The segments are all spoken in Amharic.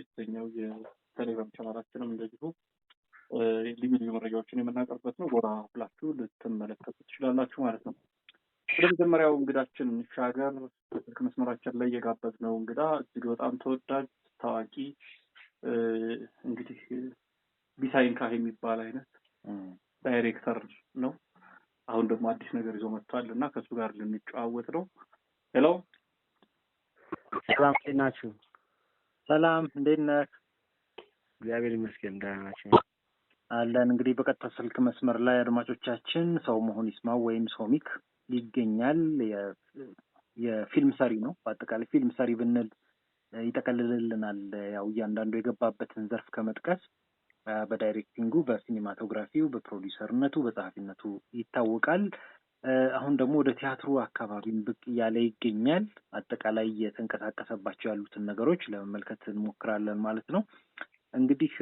የተሰኘው የቴሌግራም ቻናላችንም እንደዚሁ ልዩ ልዩ መረጃዎችን የምናቀርበት ነው። ጎራ ብላችሁ ልትመለከቱ ትችላላችሁ ማለት ነው። ወደ መጀመሪያው እንግዳችን ሻገር በስልክ መስመራችን ላይ ነው እንግዳ እጅግ በጣም ተወዳጅ ታዋቂ እንግዲህ ቢሳይንካ የሚባል አይነት ዳይሬክተር ነው። አሁን ደግሞ አዲስ ነገር ይዞ መጥቷል እና ከእሱ ጋር ልንጨዋወጥ ነው። ሄሎ ሰላም ናችሁ? ሰላም እንዴት ነህ? እግዚአብሔር ይመስገን ደህና ናቸው አለን። እንግዲህ በቀጥታ ስልክ መስመር ላይ አድማጮቻችን ሰው መሆን ይስማው ወይም ሶሚክ ይገኛል። የፊልም ሰሪ ነው። በአጠቃላይ ፊልም ሰሪ ብንል ይጠቀልልልናል። ያው እያንዳንዱ የገባበትን ዘርፍ ከመጥቀስ በዳይሬክቲንጉ፣ በሲኒማቶግራፊው፣ በፕሮዲሰርነቱ፣ በጸሐፊነቱ ይታወቃል። አሁን ደግሞ ወደ ቲያትሩ አካባቢም ብቅ እያለ ይገኛል። አጠቃላይ እየተንቀሳቀሰባቸው ያሉትን ነገሮች ለመመልከት እንሞክራለን ማለት ነው። እንግዲህ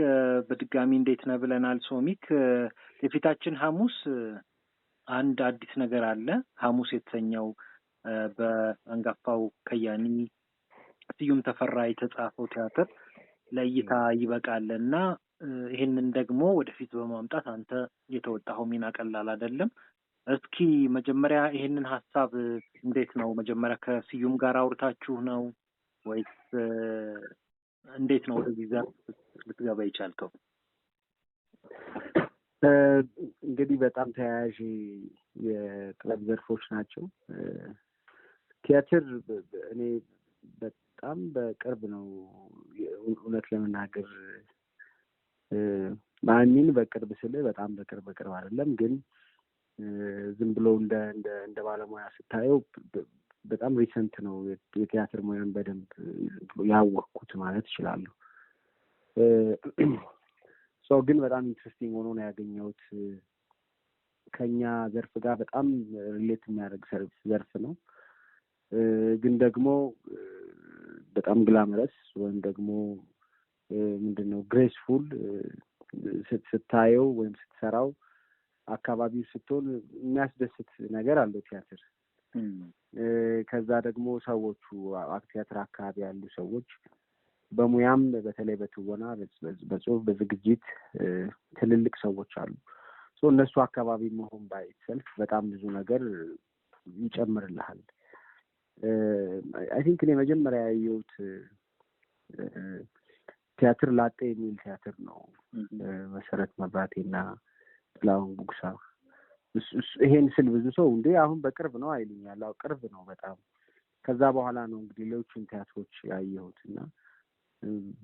በድጋሚ እንዴት ነህ ብለናል። ሶሚክ የፊታችን ሐሙስ አንድ አዲስ ነገር አለ። ሐሙስ የተሰኘው በአንጋፋው ከያኒ ስዩም ተፈራ የተጻፈው ቲያትር ለእይታ ይበቃል እና ይህንን ደግሞ ወደፊት በማምጣት አንተ የተወጣኸው ሚና ቀላል አይደለም። እስኪ መጀመሪያ ይሄንን ሀሳብ እንዴት ነው መጀመሪያ ከስዩም ጋር አውርታችሁ ነው ወይስ እንዴት ነው ወደዚህ ዘርፍ ልትገባ ይቻልከው? እንግዲህ በጣም ተያያዥ የጥበብ ዘርፎች ናቸው። ቲያትር እኔ በጣም በቅርብ ነው እውነት ለመናገር ማሚን በቅርብ ስል በጣም በቅርብ በቅርብ አይደለም ግን ዝም ብሎ እንደ ባለሙያ ስታየው በጣም ሪሰንት ነው። የቲያትር ሙያን በደንብ ያወቅኩት ማለት እችላለሁ። ሰው ግን በጣም ኢንትረስቲንግ ሆኖ ነው ያገኘሁት። ከኛ ዘርፍ ጋር በጣም ሪሌት የሚያደርግ ዘርፍ ነው። ግን ደግሞ በጣም ግላምረስ ወይም ደግሞ ምንድን ነው ግሬስፉል ስታየው ወይም ስትሰራው አካባቢው ስትሆን የሚያስደስት ነገር አለው ቲያትር። ከዛ ደግሞ ሰዎቹ ቲያትር አካባቢ ያሉ ሰዎች በሙያም በተለይ በትወና በጽሁፍ በዝግጅት ትልልቅ ሰዎች አሉ። እነሱ አካባቢ መሆን ባይሰልፍ በጣም ብዙ ነገር ይጨምርልሃል። አይ ቲንክ እኔ መጀመሪያ ያየሁት ቲያትር ላጤ የሚል ቲያትር ነው መሰረት መብራቴና ጥላሁን ጉግሳ ይሄን ስል ብዙ ሰው እንዴ አሁን በቅርብ ነው አይልኛል። አዎ ቅርብ ነው በጣም ከዛ በኋላ ነው እንግዲህ ሌሎችን ቲያትሮች ያየሁት እና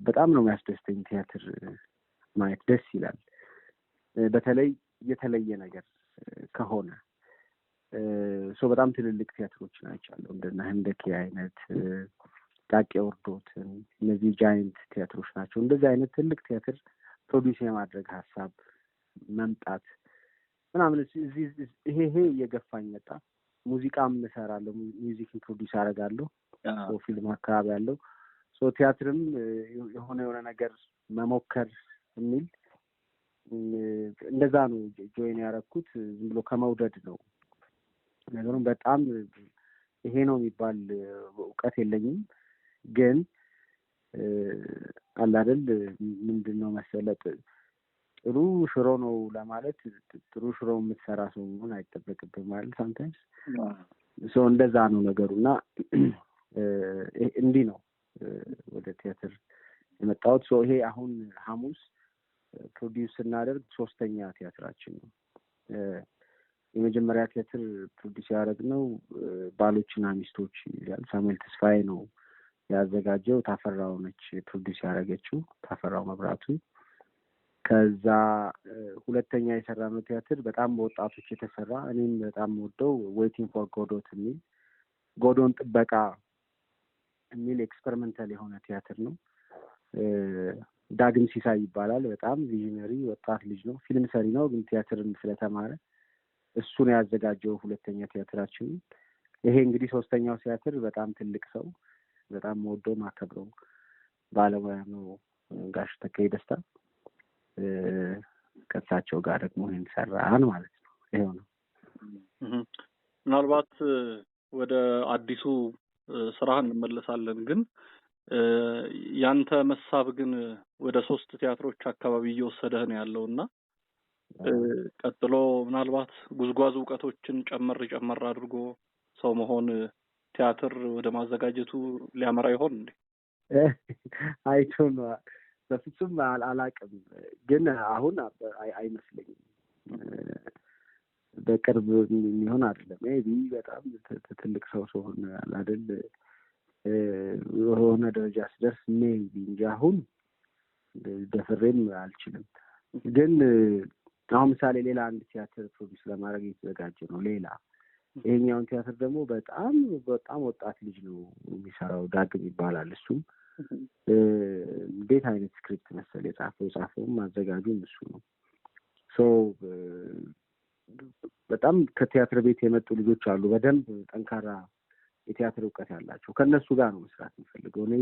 በጣም ነው የሚያስደስተኝ ቲያትር ማየት ደስ ይላል። በተለይ የተለየ ነገር ከሆነ ሶ በጣም ትልልቅ ቲያትሮች ናቸዋለሁ እንደና ህንደኪ አይነት ዳቄ ወርዶትን እነዚህ ጃይንት ቲያትሮች ናቸው። እንደዚህ አይነት ትልቅ ቲያትር ፕሮዲስ የማድረግ ሀሳብ መምጣት ምናምን ይሄ ይሄ እየገፋኝ መጣ። ሙዚቃም እሰራለሁ፣ ሚውዚክ ፕሮዲስ አደርጋለሁ፣ ፊልም አካባቢ ያለው ቲያትርም የሆነ የሆነ ነገር መሞከር የሚል እንደዛ ነው ጆይን ያደረኩት። ዝም ብሎ ከመውደድ ነው ነገሩም። በጣም ይሄ ነው የሚባል እውቀት የለኝም፣ ግን አላደል ምንድን ነው መሰለጥ ጥሩ ሽሮ ነው ለማለት ጥሩ ሽሮ የምትሰራ ሰው መሆን አይጠበቅብም ማለት ሳምታይምስ ሰው እንደዛ ነው ነገሩ እና እንዲህ ነው ወደ ቲያትር የመጣሁት። ሰው ይሄ አሁን ሀሙስ ፕሮዲውስ ስናደርግ ሶስተኛ ቲያትራችን ነው። የመጀመሪያ ቲያትር ፕሮዲስ ነው ባሎችና ሚስቶች ይላል። ሳሙኤል ተስፋዬ ነው ያዘጋጀው። ታፈራው ነች ፕሮዲስ ያደረገችው ታፈራው መብራቱ ከዛ ሁለተኛ የሰራነው ቲያትር በጣም በወጣቶች የተሰራ እኔም በጣም ወደው ዌይቲንግ ፎር ጎዶት የሚል ጎዶን ጥበቃ የሚል ኤክስፐሪመንታል የሆነ ቲያትር ነው። ዳግም ሲሳይ ይባላል። በጣም ቪዥነሪ ወጣት ልጅ ነው። ፊልም ሰሪ ነው፣ ግን ቲያትርን ስለተማረ እሱን ያዘጋጀው ሁለተኛ ቲያትራችን። ይሄ እንግዲህ ሶስተኛው ቲያትር በጣም ትልቅ ሰው በጣም ወዶ ማከብረው ባለሙያ ነው ጋሽ ተካይ ደስታ ከእሳቸው ጋር ደግሞ ይህን ሰራን ማለት ነው። ይሄው ነው። ምናልባት ወደ አዲሱ ስራህ እንመለሳለን። ግን ያንተ መሳብ ግን ወደ ሶስት ቲያትሮች አካባቢ እየወሰደህ ነው ያለው እና ቀጥሎ ምናልባት ጉዝጓዝ እውቀቶችን ጨመር ጨመር አድርጎ ሰው መሆን ቲያትር ወደ ማዘጋጀቱ ሊያመራ ይሆን እንዴ? አይቶ በፍጹም አላቅም፣ ግን አሁን አይመስለኝም። በቅርብ የሚሆን አይደለም። ቢ በጣም ትልቅ ሰው ሲሆን አይደል በሆነ ደረጃ ስደርስ ሜቢ እንጂ አሁን ደፍሬም አልችልም። ግን አሁን ምሳሌ ሌላ አንድ ቲያትር ፕሮዲስ ለማድረግ የተዘጋጀ ነው። ሌላ ይሄኛውን ቲያትር ደግሞ በጣም በጣም ወጣት ልጅ ነው የሚሰራው፣ ዳግም ይባላል እሱም እንዴት አይነት ስክሪፕት መሰል የጻፈው ጻፈውም አዘጋጁም እሱ ነው። ሰው በጣም ከቲያትር ቤት የመጡ ልጆች አሉ። በደንብ ጠንካራ የቲያትር እውቀት ያላቸው ከእነሱ ጋር ነው መስራት የምፈልገው። እኔ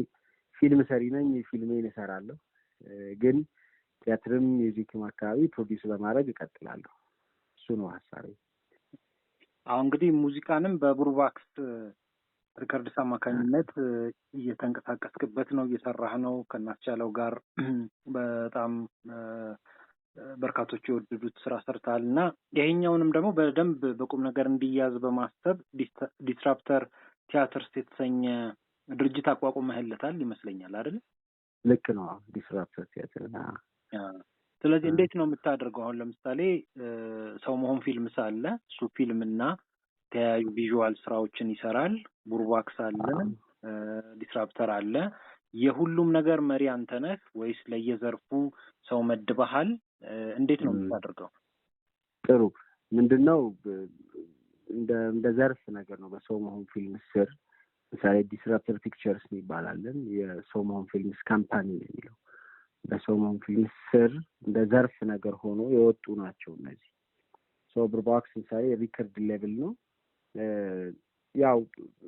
ፊልም ሰሪ ነኝ፣ ፊልሜን እሰራለሁ። ግን ቲያትርም ሚዚክም አካባቢ ፕሮዲስ በማድረግ እቀጥላለሁ። እሱ ነው ሀሳቤ። አሁን እንግዲህ ሙዚቃንም በቡርባክስ ሪከርድስ አማካኝነት እየተንቀሳቀስክበት ነው፣ እየሰራህ ነው። ከናስቻለው ጋር በጣም በርካቶች የወደዱት ስራ ሰርተሃል እና ይሄኛውንም ደግሞ በደንብ በቁም ነገር እንዲያዝ በማሰብ ዲስራፕተር ቲያትርስ የተሰኘ ድርጅት አቋቁመህለታል ይመስለኛል አይደል? ልክ ነው። ዲስራፕተር ቲያትር። ስለዚህ እንዴት ነው የምታደርገው? አሁን ለምሳሌ ሰው መሆን ፊልም ሳለ እሱ ፊልምና የተለያዩ ቪዥዋል ስራዎችን ይሰራል። ቡርቧክስ አለ፣ ዲስራፕተር አለ። የሁሉም ነገር መሪ አንተ ነህ ወይስ ለየዘርፉ ሰው መድበሃል? እንዴት ነው የምታደርገው? ጥሩ ምንድን ነው እንደ ዘርፍ ነገር ነው። በሰው መሆን ፊልም ስር ምሳሌ ዲስራፕተር ፒክቸርስ ይባላለን። የሰው መሆን ፊልምስ ካምፓኒ ነው የሚለው በሰው መሆን ፊልም ስር እንደ ዘርፍ ነገር ሆኖ የወጡ ናቸው እነዚህ። ሶ ብርባክስ ምሳሌ ሪከርድ ሌቭል ነው ያው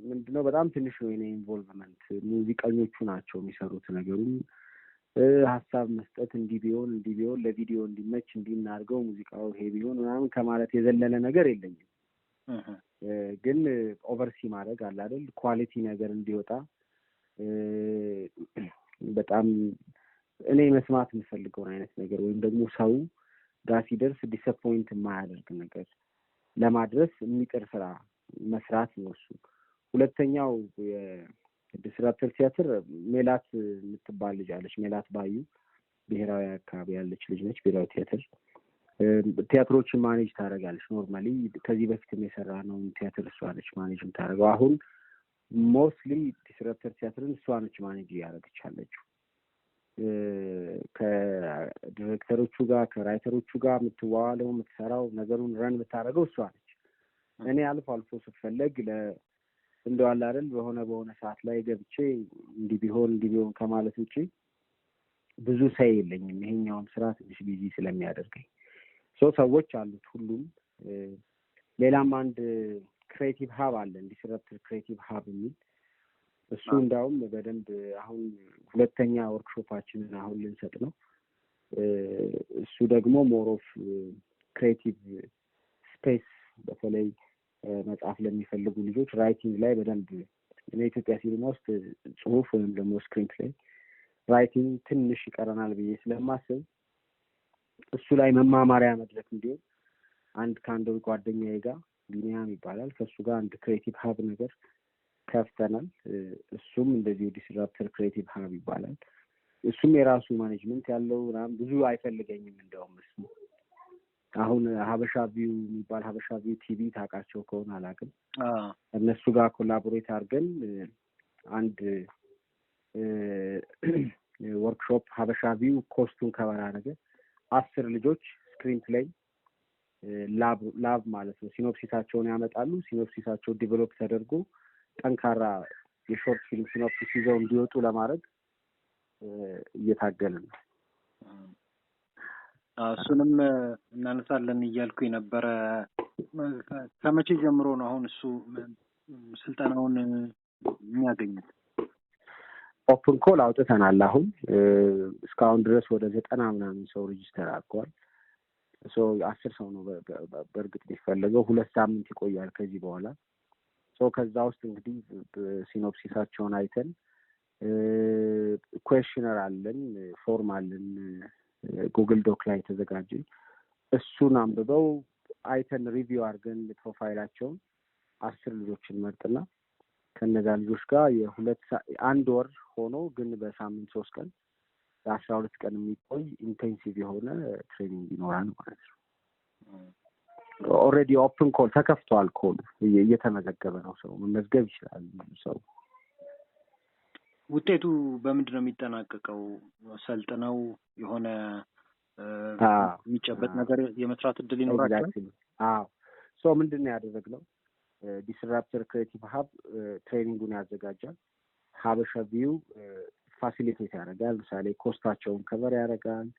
ምንድነው በጣም ትንሽ ነው የኔ ኢንቮልቭመንት። ሙዚቀኞቹ ናቸው የሚሰሩት ነገሩም ሀሳብ መስጠት እንዲህ ቢሆን እንዲህ ቢሆን ለቪዲዮ እንዲመች እንዲናርገው ሙዚቃው ይሄ ቢሆን ምናምን ከማለት የዘለለ ነገር የለኝም። ግን ኦቨርሲ ማድረግ አለ አይደል? ኳሊቲ ነገር እንዲወጣ በጣም እኔ መስማት የምፈልገውን አይነት ነገር ወይም ደግሞ ሰው ጋር ሲደርስ የማያደርግ ነገር ለማድረስ የሚጥር ስራ መስራት ነው እሱ። ሁለተኛው የዲስራፕተር ቲያትር ሜላት የምትባል ልጅ አለች። ሜላት ባዩ ብሔራዊ አካባቢ ያለች ልጅ ነች። ብሔራዊ ቲያትር ቲያትሮችን ማኔጅ ታደርጋለች። ኖርማሊ ከዚህ በፊትም የሰራ ነው ቲያትር እሷ ነች ማኔጅ የምታደርገው። አሁን ሞስትሊ ዲስራፕተር ቲያትርን እሷ ነች ማኔጅ እያደረገች አለችው። ከዲሬክተሮቹ ጋር ከራይተሮቹ ጋር የምትዋዋለው የምትሰራው ነገሩን ረን የምታደርገው እሷ ነች። እኔ አልፎ አልፎ ስትፈለግ እንደዋል አይደል በሆነ በሆነ ሰዓት ላይ ገብቼ እንዲህ ቢሆን እንዲህ ቢሆን ከማለት ውጪ ብዙ ሳይ የለኝም። ይሄኛውም ስራ ትንሽ ቢዚ ስለሚያደርገኝ ሶ ሰዎች አሉት ሁሉም። ሌላም አንድ ክሬቲቭ ሀብ አለ ዲስረፕቲቭ ክሬቲቭ ሀብ የሚል እሱ እንዳውም በደንብ አሁን ሁለተኛ ወርክሾፓችንን አሁን ልንሰጥ ነው። እሱ ደግሞ ሞሮፍ ክሬቲቭ ስፔስ በተለይ መጽሐፍ ለሚፈልጉ ልጆች ራይቲንግ ላይ በደንብ እኔ ኢትዮጵያ ሲኒማ ውስጥ ጽሁፍ ወይም ደግሞ ስክሪን ላይ ራይቲንግ ትንሽ ይቀረናል ብዬ ስለማስብ እሱ ላይ መማማሪያ መድረክ እንዲሁም አንድ ከአንድ ጓደኛ ጋ ቢኒያም ይባላል ከእሱ ጋር አንድ ክሬቲቭ ሀብ ነገር ከፍተናል። እሱም እንደዚሁ ዲስራፕተር ክሬቲቭ ሀብ ይባላል። እሱም የራሱ ማኔጅመንት ያለው ምናምን ብዙ አይፈልገኝም። እንደውም እሱ አሁን ሀበሻ ቪው የሚባል ሀበሻ ቪው ቲቪ ታውቃቸው ከሆነ አላውቅም። እነሱ ጋር ኮላቦሬት አድርገን አንድ ወርክሾፕ ሀበሻ ቪው ኮስቱን ከበራ ነገር አስር ልጆች ስክሪን ፕሌይ ላብ ማለት ነው። ሲኖፕሲሳቸውን ያመጣሉ። ሲኖፕሲሳቸው ዲቨሎፕ ተደርጎ ጠንካራ የሾርት ፊልም ሲኖፕሲስ ይዘው እንዲወጡ ለማድረግ እየታገልን ነው። እሱንም እናነሳለን እያልኩ የነበረ ከመቼ ጀምሮ ነው አሁን እሱ ስልጠናውን የሚያገኙት? ኦፕን ኮል አውጥተናል። አሁን እስካሁን ድረስ ወደ ዘጠና ምናምን ሰው ሬጅስተር አድርጓል። አስር ሰው ነው በእርግጥ የሚፈለገው። ሁለት ሳምንት ይቆያል ከዚህ በኋላ ሰው ከዛ ውስጥ እንግዲህ ሲኖፕሲሳቸውን አይተን ኩዌሽነር አለን፣ ፎርም አለን ጉግል ዶክ ላይ የተዘጋጀ እሱን አንብበው አይተን ሪቪው አድርገን ፕሮፋይላቸውን አስር ልጆችን መርጥና ከነዛ ልጆች ጋር የሁለት አንድ ወር ሆኖ ግን በሳምንት ሶስት ቀን ለአስራ ሁለት ቀን የሚቆይ ኢንቴንሲቭ የሆነ ትሬኒንግ ይኖራል ማለት ነው። ኦልሬዲ ኦፕን ኮል ተከፍቷል። ኮሉ እየተመዘገበ ነው። ሰው መመዝገብ ይችላል ሰው ውጤቱ በምንድን ነው የሚጠናቀቀው? ሰልጥነው የሆነ የሚጨበጥ ነገር የመስራት እድል ይኖራቸዋል። ሶ ምንድን ነው ያደረግነው? ዲስራፕተር ክሬቲቭ ሀብ ትሬኒንጉን ያዘጋጃል። ሀበሻ ቪው ፋሲሊቴት ያደርጋል። ምሳሌ ኮስታቸውን ከበር ያደርጋል።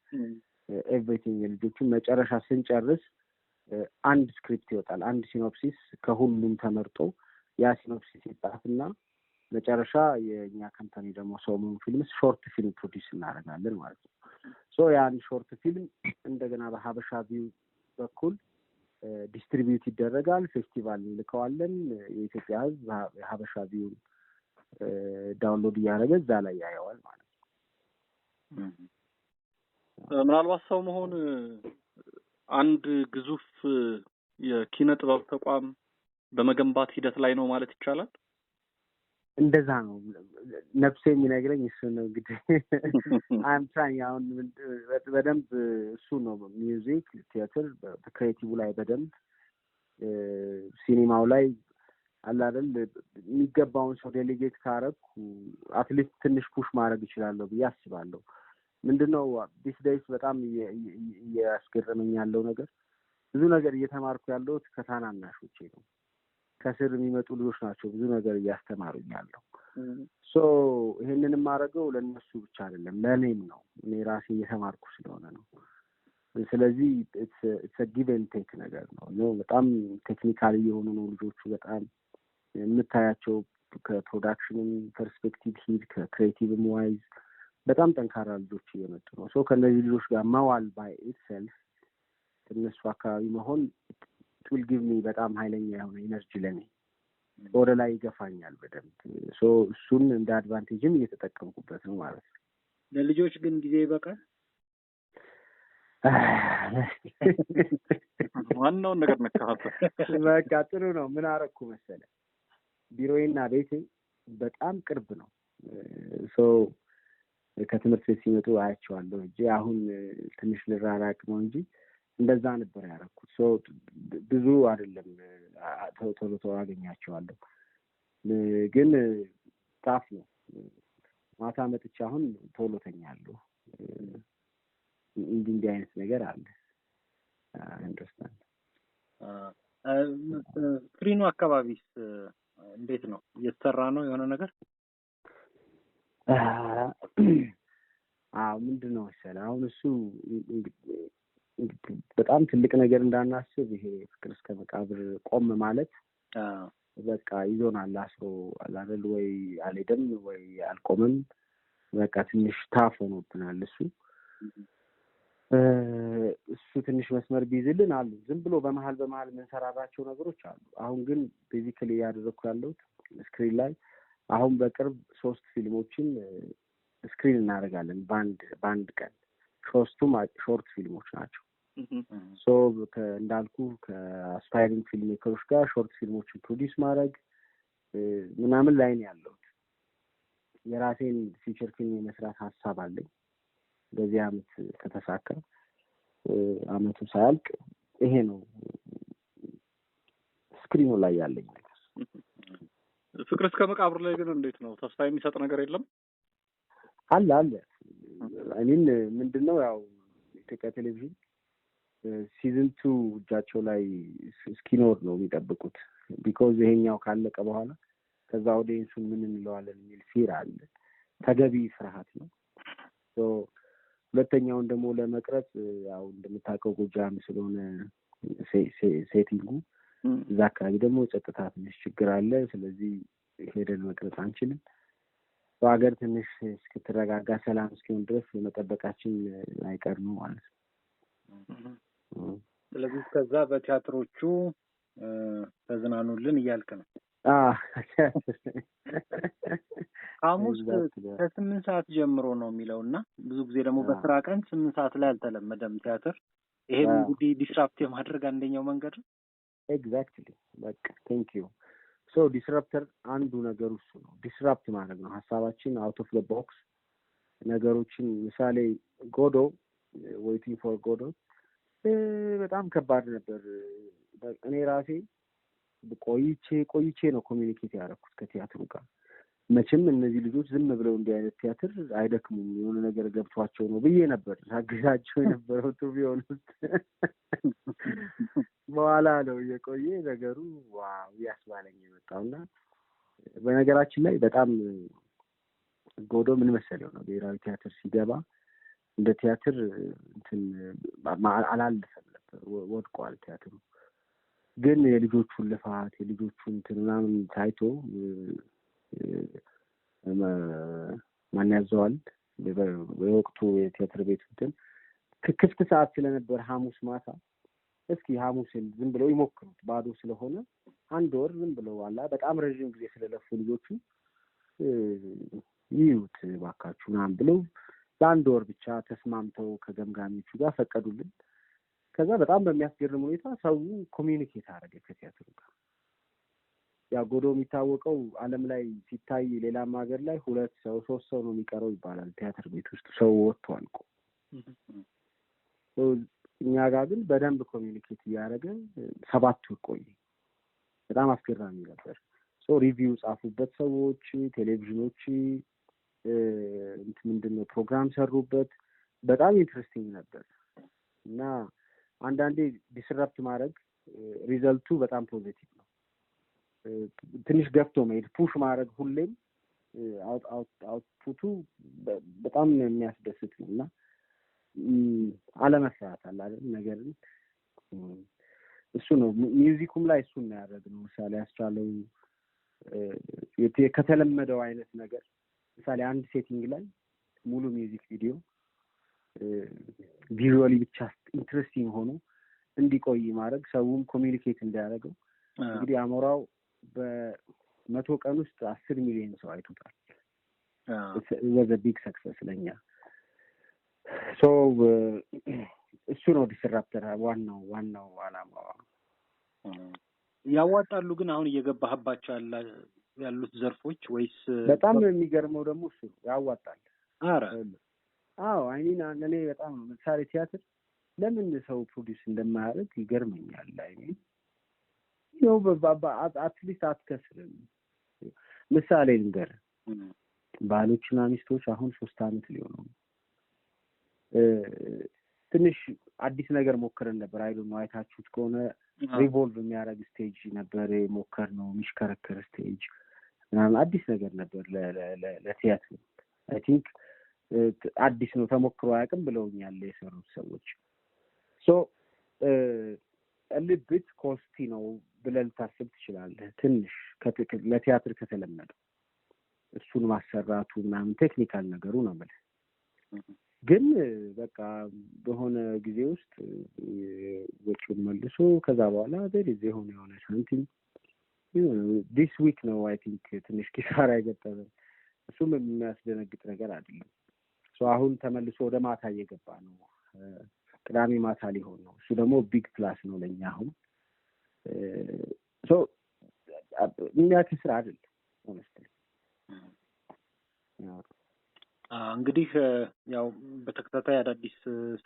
ኤቭሪቲንግ የልጆቹን መጨረሻ ስንጨርስ አንድ ስክሪፕት ይወጣል። አንድ ሲኖፕሲስ ከሁሉም ተመርጦ ያ ሲኖፕሲስ ይጻፍና መጨረሻ የእኛ ከምፐኒ ደግሞ ሰሞኑን ፊልምስ ሾርት ፊልም ፕሮዲስ እናደርጋለን ማለት ነው። ሶ ያን ሾርት ፊልም እንደገና በሀበሻ ቪው በኩል ዲስትሪቢዩት ይደረጋል። ፌስቲቫል እንልከዋለን። የኢትዮጵያ ሕዝብ የሀበሻ ቪውን ዳውንሎድ እያደረገ እዛ ላይ ያየዋል ማለት ነው። ምናልባት ሰው መሆን አንድ ግዙፍ የኪነ ጥበብ ተቋም በመገንባት ሂደት ላይ ነው ማለት ይቻላል። እንደዛ ነው ነፍሴ የሚነግረኝ። እሱ ነው እንግዲህ አምትራኝ አሁን በደንብ እሱ ነው ሚዚክ ቲያትር፣ በክሬቲቭ ላይ በደንብ ሲኒማው ላይ አላደል የሚገባውን ሰው ዴሌጌት ካረግኩ አትሊስት ትንሽ ፑሽ ማድረግ ይችላለሁ ብዬ አስባለሁ። ምንድነው ዲስ ደይስ በጣም እያስገረመኝ ያለው ነገር ብዙ ነገር እየተማርኩ ያለሁት ከታናናሾቼ ነው። ከስር የሚመጡ ልጆች ናቸው ብዙ ነገር እያስተማሩኝ ያለው። ሶ ይሄንን የማደርገው ለእነሱ ብቻ አይደለም ለእኔም ነው፣ እኔ ራሴ እየተማርኩ ስለሆነ ነው። ስለዚህ ጊቭ ቴክ ነገር ነው። በጣም ቴክኒካል የሆኑ ነው ልጆቹ። በጣም የምታያቸው ከፕሮዳክሽንም ፐርስፔክቲቭ ሂድ ከክሬቲቭም ዋይዝ በጣም ጠንካራ ልጆች እየመጡ ነው። ሶ ከእነዚህ ልጆች ጋር መዋል ባይ ኢትሰልፍ እነሱ አካባቢ መሆን ዊል ጊቭ ሚ በጣም ሀይለኛ የሆነ ኢነርጂ ለኔ ወደ ላይ ይገፋኛል በደንብ እሱን እንደ አድቫንቴጅም እየተጠቀምኩበት ነው ማለት ነው። ለልጆች ግን ጊዜ ይበቃል። ዋናውን ነገር መካፈል በቃ ጥሩ ነው። ምን አረኩ መሰለ፣ ቢሮዬና ቤቴ በጣም ቅርብ ነው። ሶ ከትምህርት ቤት ሲመጡ አያቸዋለሁ እንጂ አሁን ትንሽ ልራራቅ ነው እንጂ እንደዛ ነበር ያደረኩት። ብዙ አይደለም ቶሎ ቶሎ አገኛቸዋለሁ፣ ግን ጣፍ ነው። ማታ መጥቼ አሁን ቶሎ ተኛለሁ። እንዲህ እንዲህ አይነት ነገር አለ። አንደርስታንድ ስክሪኑ አካባቢስ እንዴት ነው እየተሰራ ነው የሆነ ነገር? ምንድን ነው መሰለህ አሁን እሱ በጣም ትልቅ ነገር እንዳናስብ ይሄ ፍቅር እስከ መቃብር ቆም ማለት በቃ ይዞናል አስሮ አላደል ወይ አልሄደም ወይ አልቆምም በቃ ትንሽ ታፍ ሆኖብናል እሱ እሱ ትንሽ መስመር ቢይዝልን አሉ ዝም ብሎ በመሀል በመሀል የምንሰራራቸው ነገሮች አሉ። አሁን ግን ቤዚክል እያደረግኩ ያለሁት ስክሪን ላይ አሁን በቅርብ ሶስት ፊልሞችን ስክሪን እናደርጋለን በአንድ በአንድ ቀን ሶስቱም ሾርት ፊልሞች ናቸው። ሶ እንዳልኩ ከአስፓይሪንግ ፊልም ሜከሮች ጋር ሾርት ፊልሞችን ፕሮዲስ ማድረግ ምናምን ላይ ነው ያለሁት። የራሴን ፊቸር ፊልም የመስራት ሀሳብ አለኝ። በዚህ አመት ከተሳካ አመቱ ሳያልቅ ይሄ ነው ስክሪኑ ላይ ያለኝ ነገር። ፍቅር እስከ መቃብር ላይ ግን እንዴት ነው? ተስፋ የሚሰጥ ነገር የለም አለ አለ። እኔን ምንድን ነው ያው ኢትዮጵያ ቴሌቪዥን ሲዝን ቱ እጃቸው ላይ እስኪኖር ነው የሚጠብቁት። ቢኮዝ ይሄኛው ካለቀ በኋላ ከዛ ኦዲየንሱን ምን እንለዋለን የሚል ፊር አለ። ተገቢ ፍርሃት ነው። ሁለተኛውን ደግሞ ለመቅረጽ ያው እንደምታውቀው ጎጃም ስለሆነ ሴቲንጉ እዛ አካባቢ ደግሞ ጸጥታ ትንሽ ችግር አለ። ስለዚህ ሄደን መቅረጽ አንችልም። በሀገር ትንሽ እስክትረጋጋ ሰላም እስኪሆን ድረስ መጠበቃችን አይቀር ነው ማለት ነው። ስለዚህ ከዛ በቲያትሮቹ ተዝናኑልን እያልክ ነው። ሐሙስ ከስምንት ሰዓት ጀምሮ ነው የሚለው እና ብዙ ጊዜ ደግሞ በስራ ቀን ስምንት ሰዓት ላይ አልተለመደም ቲያትር። ይሄም እንግዲህ ዲስራፕት የማድረግ አንደኛው መንገድ ነው። ኤግዛክትሊ በቃ ቴንክ ዩ ሶ ዲስራፕተር አንዱ ነገር እሱ ነው፣ ዲስራፕት ማድረግ ነው ሀሳባችን አውት ኦፍ ቦክስ ነገሮችን ምሳሌ ጎዶ ዌይቲንግ ፎር ጎዶ በጣም ከባድ ነበር። እኔ ራሴ ቆይቼ ቆይቼ ነው ኮሚኒኬት ያደረኩት ከቲያትሩ ጋር። መቼም እነዚህ ልጆች ዝም ብለው እንዲህ አይነት ቲያትር አይደክሙም የሆነ ነገር ገብቷቸው ነው ብዬ ነበር ሳግዛቸው የነበረው ቱ ቢሆን ውስጥ በኋላ ነው እየቆየ ነገሩ ዋው ያስባለኝ የመጣውና በነገራችን ላይ በጣም ጎዶ ምን መሰለው ነው ብሔራዊ ቲያትር ሲገባ እንደ ቲያትር እንትን አላልፈም ነበር፣ ወድቋል ቲያትሩ። ግን የልጆቹን ልፋት የልጆቹ እንትን ምናምን ታይቶ ማን ያዘዋል የወቅቱ የቲያትር ቤት እንትን ክፍት ሰዓት ስለነበር ሐሙስ ማታ እስኪ ሐሙስን ዝም ብለው ይሞክሩት ባዶ ስለሆነ አንድ ወር ዝም ብለው አላ በጣም ረዥም ጊዜ ስለለፉ ልጆቹ ይዩት ባካችሁ ምናምን ብለው ለአንድ ወር ብቻ ተስማምተው ከገምጋሚዎቹ ጋር ፈቀዱልን። ከዛ በጣም በሚያስገርም ሁኔታ ሰው ኮሚዩኒኬት አደረገ ከቲያትሩ ጋር። ያ ጎዶ የሚታወቀው ዓለም ላይ ሲታይ ሌላም ሀገር ላይ ሁለት ሰው ሶስት ሰው ነው የሚቀረው ይባላል። ቲያትር ቤት ውስጥ ሰው ወጥቶ አልቆ፣ እኛ ጋር ግን በደንብ ኮሚዩኒኬት እያደረገ ሰባት ወር ቆየ። በጣም አስገራሚ ነበር። ሪቪው ጻፉበት ሰዎች፣ ቴሌቪዥኖች ምንድን ነው ፕሮግራም ሰሩበት። በጣም ኢንትረስቲንግ ነበር እና አንዳንዴ ዲስራፕት ማድረግ ሪዘልቱ በጣም ፖዚቲቭ ነው። ትንሽ ገፍቶ መሄድ፣ ፑሽ ማድረግ ሁሌም አውትፑቱ በጣም የሚያስደስት ነው እና አለመስራት አላለን ነገርን እሱ ነው ሚውዚኩም ላይ እናያደረግ ነው ምሳሌ ያስቻለው ከተለመደው አይነት ነገር ለምሳሌ አንድ ሴቲንግ ላይ ሙሉ ሚውዚክ ቪዲዮ ቪዥዋሊ ብቻ ኢንትረስቲንግ ሆኖ እንዲቆይ ማድረግ ሰውም ኮሚኒኬት እንዲያደርገው እንግዲህ አሞራው በመቶ ቀን ውስጥ አስር ሚሊዮን ሰው አይቶታል። ወዘ ቢግ ሰክሰስ ለኛ ሶ እሱ ነው ዲስራፕተር ዋናው ዋናው አላማዋ። ያዋጣሉ ግን አሁን እየገባህባቸው ያሉት ዘርፎች ወይስ? በጣም ነው የሚገርመው ደግሞ እሱ ያዋጣል። አረ አዎ አይኒን እኔ በጣም ምሳሌ ቲያትር ለምን ሰው ፕሮዲስ እንደማያደርግ ይገርመኛል። አይኒን ይኸው አትሊስት አትከስርም። ምሳሌ ልንገርህ፣ ባሎችና ሚስቶች አሁን ሶስት አመት ሊሆኑ ትንሽ አዲስ ነገር ሞክረን ነበር። አይሉ ነው አይታችሁት ከሆነ ሪቮልቭ የሚያደረግ ስቴጅ ነበር ሞከር ነው የሚሽከረከር ስቴጅ ምናምን አዲስ ነገር ነበር ለቲያትሩ። አይ ቲንክ አዲስ ነው ተሞክሮ አያውቅም ብለውኛል የሰሩት ሰዎች። ሶ ልብት ኮስቲ ነው ብለን ታስብ ትችላለህ። ትንሽ ለቲያትር ከተለመደው እሱን ማሰራቱ ምናምን ቴክኒካል ነገሩ ነው የምልህ። ግን በቃ በሆነ ጊዜ ውስጥ ወጪውን መልሶ ከዛ በኋላ ዘዴ የሆነ የሆነ ሳንቲም ዲስ ዊክ ነው አይ ቲንክ ትንሽ ኪሳራ የገጠመን። እሱም የሚያስደነግጥ ነገር አይደለም። አሁን ተመልሶ ወደ ማታ እየገባ ነው። ቅዳሜ ማታ ሊሆን ነው። እሱ ደግሞ ቢግ ፕላስ ነው ለእኛ አሁን የሚያክስር አይደለም። እንግዲህ ያው በተከታታይ አዳዲስ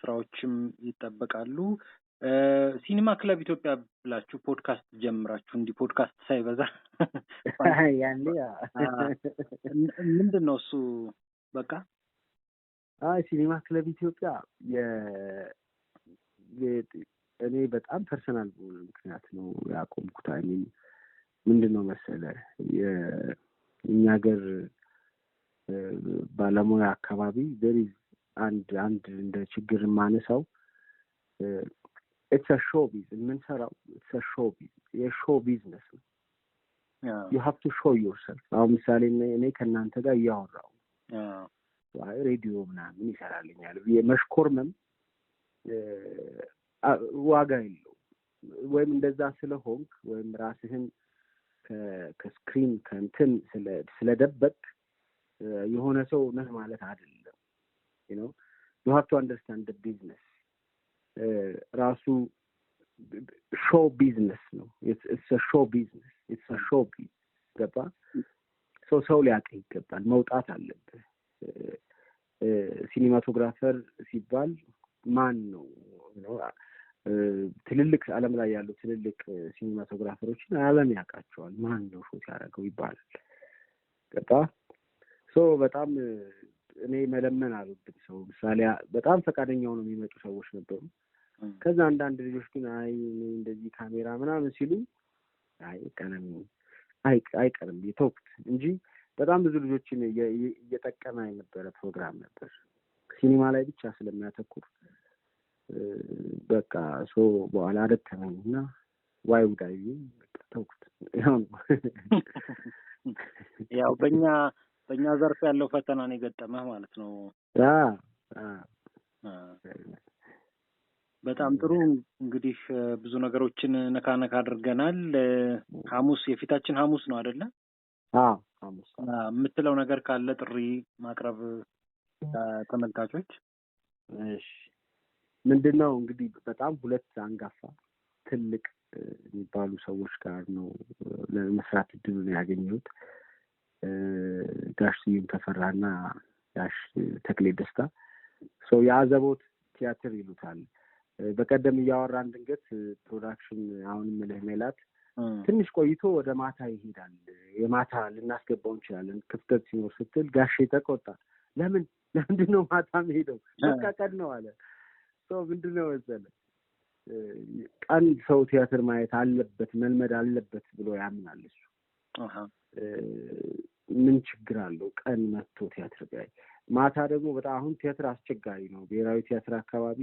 ስራዎችም ይጠበቃሉ። ሲኒማ ክለብ ኢትዮጵያ ብላችሁ ፖድካስት ጀምራችሁ እንዲህ ፖድካስት ሳይበዛ ምንድን ነው እሱ? በቃ ሲኒማ ክለብ ኢትዮጵያ እኔ በጣም ፐርሰናል በሆነ ምክንያት ነው ያቆምኩት። አይሚን ምንድን ነው መሰለ የእኛ ገር ባለሙያ አካባቢ ዘሪዝ አንድ አንድ እንደ ችግር የማነሳው ኢትስ አ ቢዝ የምንሰራው ኢትስ አ ቢዝ የሾው ቢዝነስ ነው። ዩ ሀብ ቱ ሾው ዮርሰልፍ። አሁን ምሳሌ እኔ ከእናንተ ጋር እያወራው ሬዲዮ ምናምን ይሰራልኛል የመሽኮርመም ዋጋ የለውም። ወይም እንደዛ ስለሆንክ ወይም ራስህን ከስክሪን ከእንትን ስለደበቅ የሆነ ሰው ነህ ማለት አይደለም። ዩ ሀብ ቱ አንደርስታንድ ቢዝነስ ራሱ ሾው ቢዝነስ ነው። ሾ ቢዝነስ ሾ ገባ ሰው ሰው ሊያውቅ ይገባል። መውጣት አለብህ። ሲኒማቶግራፈር ሲባል ማን ነው? ትልልቅ አለም ላይ ያሉ ትልልቅ ሲኒማቶግራፈሮችን አለም ያውቃቸዋል። ማን ነው ሾ ያደረገው ይባላል። ገባ ሶ በጣም እኔ መለመን አሉብን ሰው ምሳሌ በጣም ፈቃደኛ ነው የሚመጡ ሰዎች ነበሩ። ከዛ አንዳንድ ልጆች ግን አይ እንደዚህ ካሜራ ምናምን ሲሉ አይቀርም አይቀርም የተውኩት እንጂ በጣም ብዙ ልጆችን እየጠቀመ የነበረ ፕሮግራም ነበር። ሲኒማ ላይ ብቻ ስለሚያተኩር በቃ ሶ በኋላ አደከመኝ እና ዋይ ውዳዩ ተውኩት። ያው ነው ያው በእኛ በእኛ ዘርፍ ያለው ፈተና ነው የገጠመህ ማለት ነው። በጣም ጥሩ እንግዲህ ብዙ ነገሮችን ነካ ነካ አድርገናል። ሀሙስ የፊታችን ሀሙስ ነው አደለ የምትለው ነገር ካለ ጥሪ ማቅረብ ተመልካቾች። ምንድነው ምንድን ነው እንግዲህ በጣም ሁለት አንጋፋ ትልቅ የሚባሉ ሰዎች ጋር ነው ለመስራት ነው ያገኘሁት ጋሽ ስዩም ተፈራና ጋሽ ተክሌ ደስታ ሰው የአዘቦት ቲያትር ይሉታል በቀደም እያወራን ድንገት ፕሮዳክሽን አሁን ምልህ ሜላት ትንሽ ቆይቶ ወደ ማታ ይሄዳል። የማታ ልናስገባው እንችላለን ክፍተት ሲኖር ስትል ጋሽ ተቆጣ። ለምን ለምንድን ነው ማታ መሄደው በቃ ቀን ነው አለ። ሰው ምንድን ነው መሰለ ቀን ሰው ቲያትር ማየት አለበት መልመድ አለበት ብሎ ያምናል እሱ። ምን ችግር አለው ቀን መጥቶ ቲያትር ቢያይ። ማታ ደግሞ በጣም አሁን ቲያትር አስቸጋሪ ነው። ብሔራዊ ቲያትር አካባቢ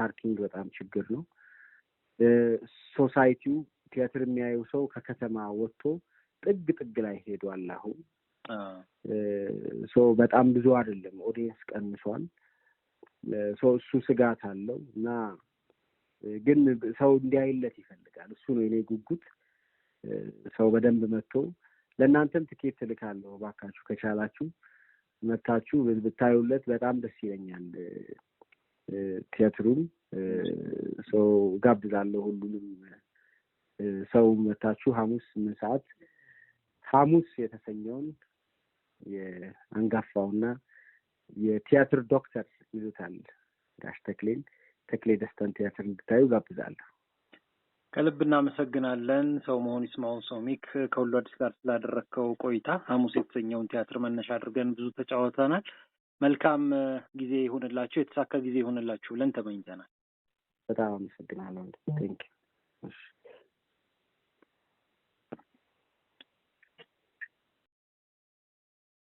ፓርኪንግ በጣም ችግር ነው። ሶሳይቲው ቲያትር የሚያየው ሰው ከከተማ ወጥቶ ጥግ ጥግ ላይ ሄዷል። አሁን በጣም ብዙ አይደለም፣ ኦዲየንስ ቀንሷል። እሱ ስጋት አለው እና ግን ሰው እንዲያይለት ይፈልጋል። እሱ ነው የኔ ጉጉት። ሰው በደንብ መጥቶ ለእናንተም ትኬት ትልካለሁ፣ እባካችሁ ከቻላችሁ መታችሁ ብታዩለት በጣም ደስ ይለኛል። ቲያትሩም ሰው ጋብዛለሁ። ሁሉንም ሰው መታችሁ ሐሙስ ምን ሰዓት ሐሙስ የተሰኘውን የአንጋፋውና የቲያትር ዶክተር ይሉታል ጋሽ ተክሌን ተክሌ ደስታን ቲያትር እንድታዩ ጋብዛለሁ። ከልብ እናመሰግናለን። ሰው መሆን ይስማውን ሶሚክ ከሁሉ አዲስ ጋር ስላደረግከው ቆይታ ሐሙስ የተሰኘውን ቲያትር መነሻ አድርገን ብዙ ተጫወተናል። መልካም ጊዜ ይሁንላችሁ፣ የተሳካ ጊዜ ይሁንላችሁ ብለን ተመኝተናል። በጣም አመሰግናለሁ።